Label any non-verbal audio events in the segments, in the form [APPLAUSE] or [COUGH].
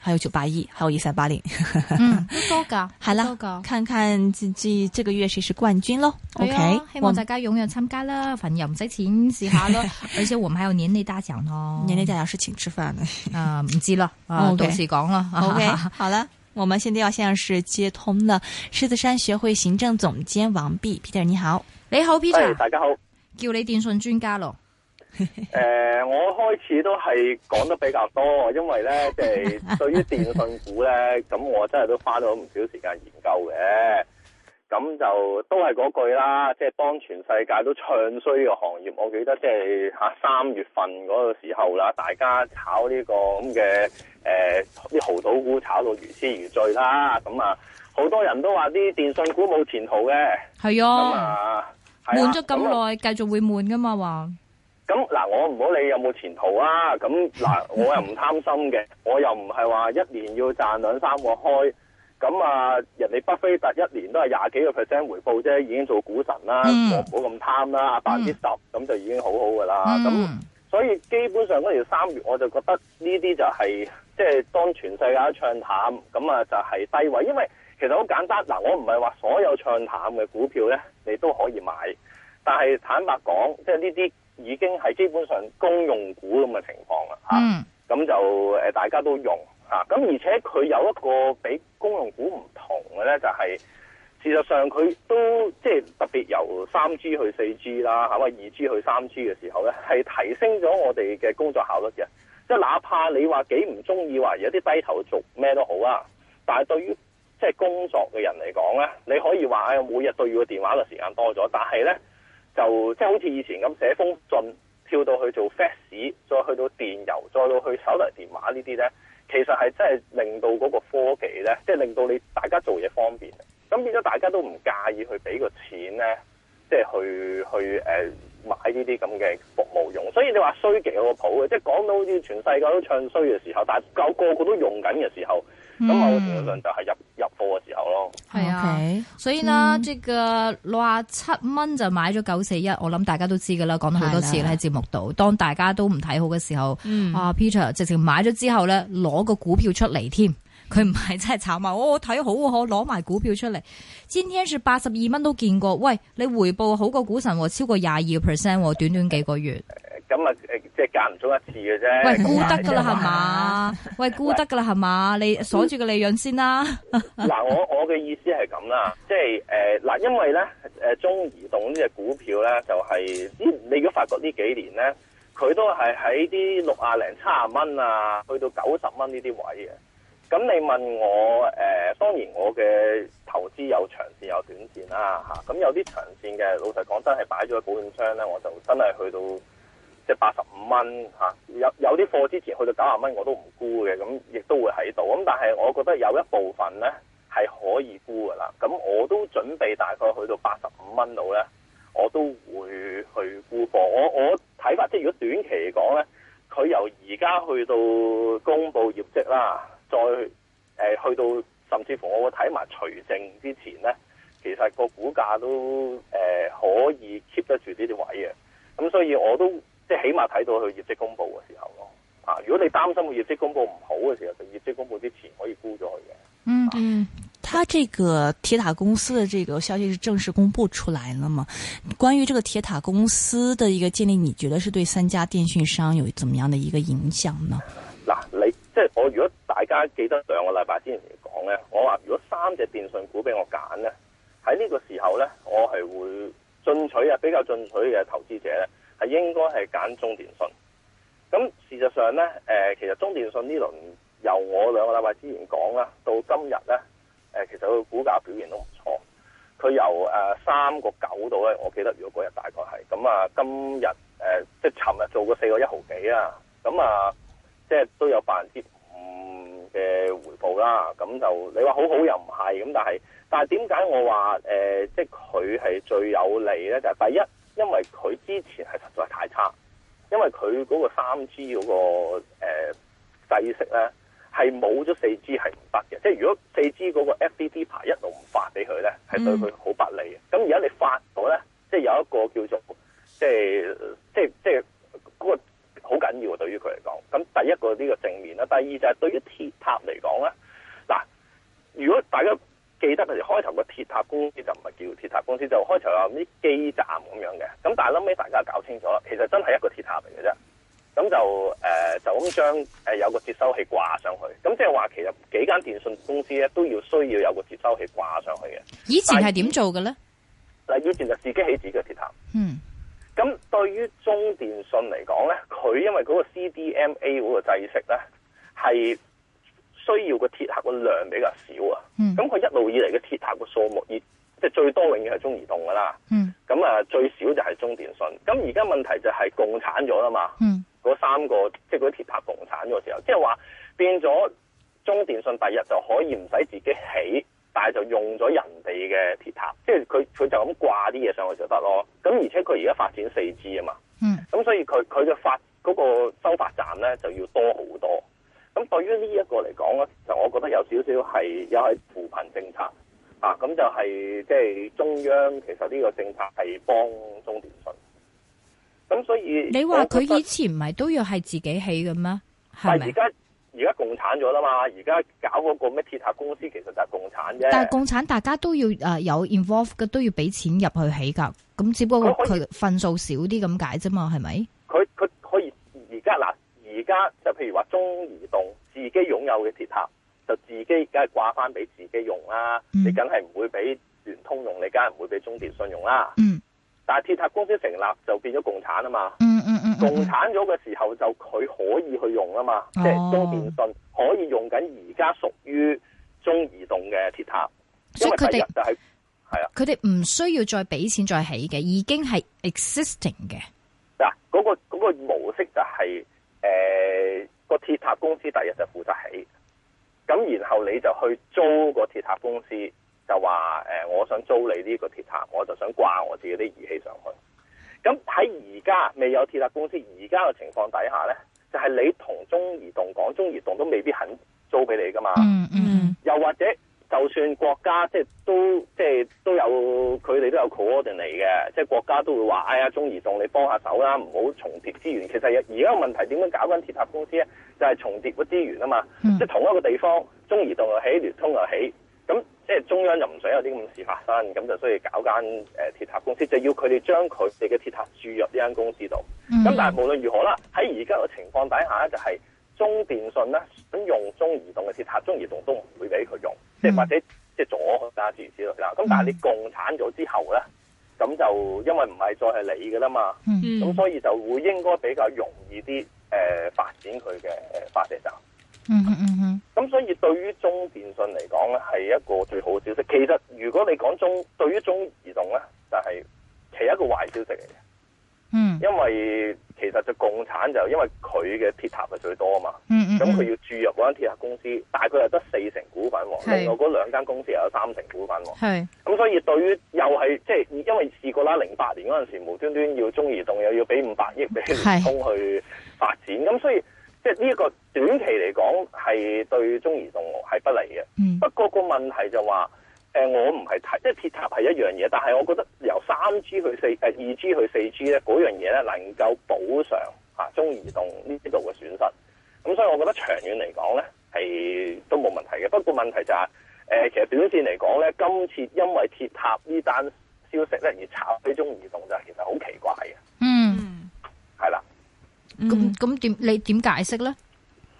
還有九八一，還有一三八零。 [LAUGHS] 嗯，多噶，多噶。看看自己這個月誰是冠軍咯、啊、？O、okay, K，希望大家踴躍參加啦，反正又唔使錢，試下咯。 [LAUGHS] 而且我們還有年內大獎咯，年內大獎是請吃飯的。的、 [LAUGHS] 呃 okay, 啊，唔知啊到時講啦。 [LAUGHS] o、okay, K，好啦，我們現在要先係是接通了獅 [LAUGHS] 子山學會行政總監王弼 Peter，你好，你好 Peter，hey, 大家好，叫你電訊專家咯。誒、 [LAUGHS] 呃，我開始都係講得比較多，因為咧，即、就、係、是、對於電訊股咧，咁 [LAUGHS] 我真係都花咗唔少時間研究嘅。咁就都係嗰句啦，即、就、係、是、當全世界都唱衰嘅行業，我記得即係吓三月份嗰個時候啦，大家炒呢個咁嘅誒啲濠賭股炒到如痴如醉啦。咁啊，好多人都話啲電訊股冇前途嘅，係啊，悶咗咁耐，繼、嗯啊嗯、續會悶噶嘛，話。咁嗱，我唔好理有冇前途啊！咁嗱，我又唔貪心嘅， [LAUGHS] 我又唔係話一年要賺兩三個開。咁啊，人哋巴菲特一年都係廿幾個 percent 回報啫，已經做股神啦、嗯。我唔好咁貪啦，百分之十咁就已經好好噶啦。咁、嗯、所以基本上嗰條三月，我就覺得呢啲就係即係當全世界都唱淡，咁啊就係低位。因為其實好簡單，嗱，我唔係話所有唱淡嘅股票咧，你都可以買。但係坦白講，即係呢啲。已經係基本上公用股咁嘅情況啦，嚇、嗯，咁、啊、就誒大家都用嚇，咁、啊、而且佢有一個比公用股唔同嘅咧，就係、是、事實上佢都即係、就是、特別由三 G 去四 G 啦，嚇，或二 G 去三 G 嘅時候咧，係提升咗我哋嘅工作效率嘅。即、就、係、是、哪怕你說不喜歡話幾唔中意話有啲低頭族咩都好啊，但係對於即係、就是、工作嘅人嚟講咧，你可以話啊，每日對住個電話嘅時間多咗，但係咧。就即係好似以前咁寫封信，跳到去做 fax，再去到電郵，再到去手提電話呢啲咧，其實係真係令到嗰個科技咧，即係令到你大家做嘢方便。咁變咗大家都唔介意去俾個錢咧，即係去去誒、呃、買呢啲咁嘅服務用。所以你話衰極有個譜嘅，即係講到好似全世界都唱衰嘅時候，但係夠個個都用緊嘅時候，咁我相信就係入。嘅時候咯，係 [NOISE] 啊樂， [MUSIC] okay，所以呢，即、嗯這個六啊七蚊就買咗九四一，我諗大家都知㗎喇，講咗好多次喺節目度。當大家都唔睇好嘅時候，嗯、啊，Peter 直情買咗之後咧，攞個股票出嚟添。佢唔係真係炒埋，我睇好我攞埋股票出嚟。前天說八十二蚊都見過，喂，你回報好過股神，超過廿二個 percent，短短幾個月。咁、呃、啊、呃呃，即係間唔中一次嘅啫、呃。喂，估得噶啦係嘛？喂，估得噶啦係嘛？你鎖住個利潤先啦。嗱、呃 [LAUGHS] 呃，我我嘅意思係咁啦，即係誒，嗱、呃呃，因為咧，誒、呃，中移動呢隻股票咧，就係、是嗯、你如果發覺呢幾年咧，佢都係喺啲六啊零、七啊蚊啊，去到九十蚊呢啲位嘅。咁你問我誒、呃，當然我嘅投資有長線有短線啦、啊、咁、啊、有啲長線嘅，老實講真係擺咗保險箱咧，我就真係去到即係八十五蚊吓。有有啲貨之前去到九十蚊我都唔沽嘅，咁亦都會喺度。咁但係我覺得有一部分咧係可以沽嘅啦。咁我都準備大概去到八十五蚊度咧，我都會去沽貨。我我睇法即係如果短期嚟講咧，佢由而家去到公布業績啦。再誒、呃、去到甚至乎我睇埋除淨之前咧，其實個股價都、呃、可以 keep 得住呢啲位嘅。咁、嗯、所以我都係即起碼睇到佢業績公布嘅時候咯。啊，如果你擔心佢業績公布唔好嘅時候，就業績公布之前可以沽咗嘅、啊。嗯嗯，他這個鐵塔公司的這個消息是正式公布出來了嗎？關於這個鐵塔公司的一個建立，你覺得是對三家電訊商有怎麼樣的一個影響呢？記得兩個禮拜之前講咧，我話如果三隻電訊股俾我揀咧，喺呢個時候咧，我係會進取啊，比較進取嘅投資者咧，係應該係揀中電信。咁事實上咧，誒，其實中電信呢輪由我兩個禮拜之前講啦，到今日咧，誒，其實佢個股價表現都唔錯。佢由誒三個九度咧，我記得如果嗰日大概係咁啊，今日誒，即係尋日做過四個一毫幾啊，咁啊，即係都有百分之五，嘅回報啦，咁就你話好好又唔係，咁但係，但係點解我話、呃、即係佢係最有利咧？就係、是、第一，因為佢之前係實在太差，因為佢嗰個三 G 嗰個誒、呃、制式咧，係冇咗四 G 係唔得嘅，即係如果四 G 嗰個 FDD 牌一路唔發俾佢咧，係對佢好不利嘅。咁、嗯、而家你發到咧，即係有一個叫做即係即即。即即好緊要啊，對於佢嚟講，咁第一個呢個正面啦，第二就係對於鐵塔嚟講咧，嗱，如果大家記得佢哋開頭個鐵塔公司就唔係叫鐵塔公司，就開頭有啲基站咁樣嘅，咁但係後尾大家搞清楚啦，其實真係一個鐵塔嚟嘅啫，咁就誒、呃、就咁將誒有個接收器掛上去，咁即係話其實幾間電訊公司咧都要需要有個接收器掛上去嘅。以前係點做嘅咧？嗱，以前就自己起自己嘅鐵塔。嗯。咁對於中電信嚟講咧，佢因為嗰個 CDMA 嗰個制式咧，係需要個鐵塔個量比較少啊。咁、嗯、佢一路以嚟嘅鐵塔個數目，即係最多永遠係中移動噶啦。咁、嗯、啊最少就係中電信。咁而家問題就係共產咗啦嘛。嗰、嗯、三個即係嗰啲鐵塔共產咗之後，即係話變咗中電信第日就可以唔使自己起。但係就用咗人哋嘅鐵塔，即係佢佢就咁掛啲嘢上去就得咯。咁而且佢而家發展四 G 啊嘛，咁、嗯、所以佢佢嘅發嗰、個收發站咧就要多好多。咁對於呢一個嚟講咧，就我覺得有少少係又係扶貧政策啊。咁就係即係中央其實呢個政策係幫中電信。咁所以你話佢以前唔係都要係自己起嘅咩？係咪？而家共產咗啦嘛，而家搞嗰個咩鐵塔公司其實就係共產啫。但係共產大家都要有 involve 嘅，都要俾錢入去起㗎。咁只不過佢份數少啲咁解啫嘛，係咪？佢佢可以而家嗱，而家就譬如話中移動自己擁有嘅鐵塔，就自己梗係掛返俾自己用啦。嗯。你梗係唔會俾聯通用，你梗係唔會俾中電信用啦。嗯。但係鐵塔公司成立就變咗共產啊嘛，嗯嗯嗯嗯，共產咗嘅時候就佢可以去用啊嘛。哦，即係中電信可以用緊而家屬於中移動嘅鐵塔，所以佢哋就係係啊，佢哋唔需要再俾錢再起嘅，已經係 existing 嘅嗱，嗰，嗰個，嗰個模式就係誒個鐵塔公司第一日就負責起，咁然後你就去租個鐵塔公司。就話誒、呃，我想租你呢個鐵塔，我就想掛我自己啲儀器上去。咁喺而家未有鐵塔公司，而家嘅情況底下咧，就係、是、你同中移動講，中移動都未必肯租俾你噶嘛。嗯嗯。又或者就算國家即係都即係都有佢哋都有 coordination 嘅，即係國家都會話：「哎呀，中移動你幫下手啦，唔好重疊資源。」其實而家個問題點樣搞緊鐵塔公司咧？就係、是、重疊個資源啊嘛，嗯、即係同一個地方，中移動又起，聯通又起。咁即係中央又唔想有啲咁事發生，咁就所以搞間誒鐵塔公司，就要佢哋將佢哋嘅鐵塔注入呢間公司度。咁、嗯、但係無論如何啦，喺而家嘅情況底下咧，就係、是、中電信咧想用中移動嘅鐵塔，中移動都唔會俾佢用，即、嗯、係或者即係阻架住之類。咁、就是、但係你共產咗之後咧，咁就因為唔係再係你嘅啦嘛，咁、嗯、所以就會應該比較容易啲誒、呃、發展佢嘅發射站。嗯、mm、嗯 -hmm. 嗯，咁所以對於中電信嚟講咧，係一個最好消息。其實如果你講中，對於中移動咧，就係、是、其一個壞消息嚟嘅。嗯、mm -hmm.，因為其實就共產就因為佢嘅鐵塔係最多啊嘛。咁、mm、佢 -hmm. 嗯、要注入嗰間鐵塔公司，大概係得四成股份，另外嗰兩間公司又有三成股份。係。咁、嗯、所以對於又係即係，因為試過啦，零八年嗰陣時無端端要中移動又要俾五百億俾聯通去發展，咁、嗯、所以。即係呢個短期嚟講係對中移動係不利嘅，不過個問題就話，誒我唔係睇，即係鐵塔係一樣嘢，但係我覺得由三 G 去四誒二 G 去四 G 咧，嗰樣嘢咧能夠補償吓中移動呢度嘅損失，咁所以我覺得長遠嚟講咧係都冇問題嘅。不過問題就係、是、誒、呃、其實短線嚟講咧，今次因為鐵塔呢單消息咧而炒呢中移動就其實好奇怪嘅。咁咁點你點解釋咧？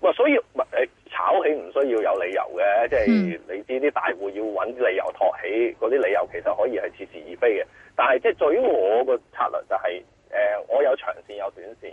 喂，所以誒炒起唔需要有理由嘅，即係你知啲大戶要揾理由托起，嗰啲理由其實可以係似是而非嘅。但係即係，對於我個策略就係誒，我有長線有短線。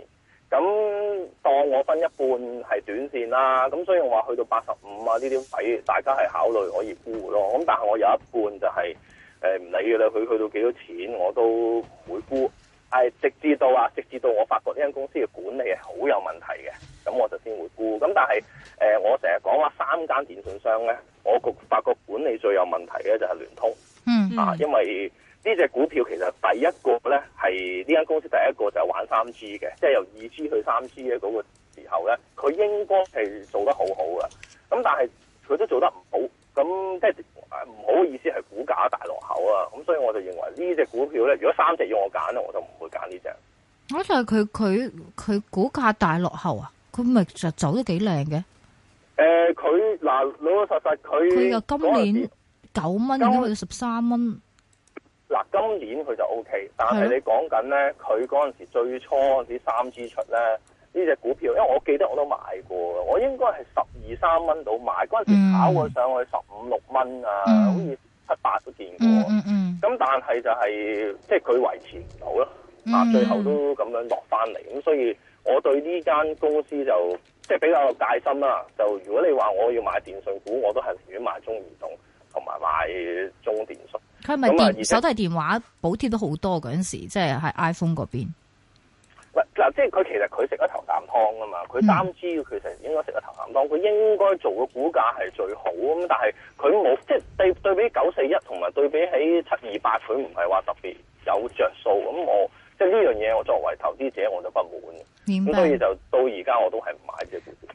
咁當我分一半係短線啦，咁所以我話去到八十五啊呢啲位，大家係考慮可以沽咯。咁但係我有一半就係誒唔理噶啦，佢去到幾多錢我都唔會沽。係直至到啊，直至到我發覺呢間公司嘅管理係好有問題嘅，咁我就先回顧。咁但係誒、呃，我成日講話三間電信商咧，我覺發覺管理最有問題嘅就係聯通。嗯啊嗯，因為呢隻股票其實第一個咧係呢間公司第一個就係玩三 G 嘅，即係由二 G 去三 G 嘅嗰個時候咧，佢應該係做得好好噶。咁但係佢都做得唔好，咁即係唔好意思係股價大落口啊。咁所以我就認。呢隻股票咧，如果三隻要我揀咧，我就唔會揀呢隻。我就係佢佢佢股價大落後啊，佢咪就走得幾靚嘅。誒、呃，佢嗱老老實實佢。佢嘅今年九蚊，而家去到十三蚊。嗱，今年佢就 O、OK, K，但係、啊、你講緊咧，佢嗰陣時最初啲 3G 出咧，呢隻股票，因為我記得我都買過，我應該係十二三蚊到買嗰陣、嗯、時，炒佢上去十五六蚊啊，嗯、好似七八都見過。嗯嗯嗯嗯咁但係就係、是、即係佢維持唔到咯，啊、嗯、最後都咁樣落翻嚟，咁所以我對呢間公司就即係比較有戒心啦。就如果你話我要買電訊股，我都係寧願買中移動同埋買中電信。佢咪電、就是、手提係電話補貼都好多嗰陣時，即係喺 iPhone 嗰邊。嗱，即係佢其實佢食咗頭啖湯噶嘛，佢三 G 佢就應該食咗頭啖湯，佢應該做嘅估價係最好咁，但係佢冇即係對對比九四一同埋對比喺七二八，佢唔係話特別有着數咁，我即係呢樣嘢我作為投資者我就不滿，所以就到而家我都係唔買嘅股票。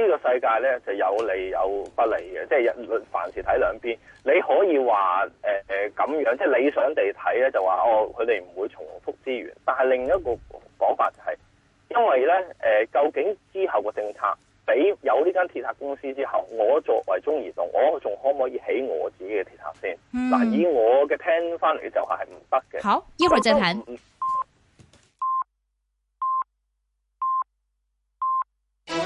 呢、這個世界咧就有利有不利嘅，即係凡事睇兩邊。你可以話誒咁樣，即係理想地睇咧，就話哦，佢哋唔會重複資源。但係另一個講法就係、是，因為咧誒、呃，究竟之後個政策俾有呢間鐵塔公司之後，我作為中移動，我仲可唔可以起我自己嘅鐵塔先？嗱、嗯，以我嘅聽翻嚟嘅就係唔得嘅。好，依家再睇。嗯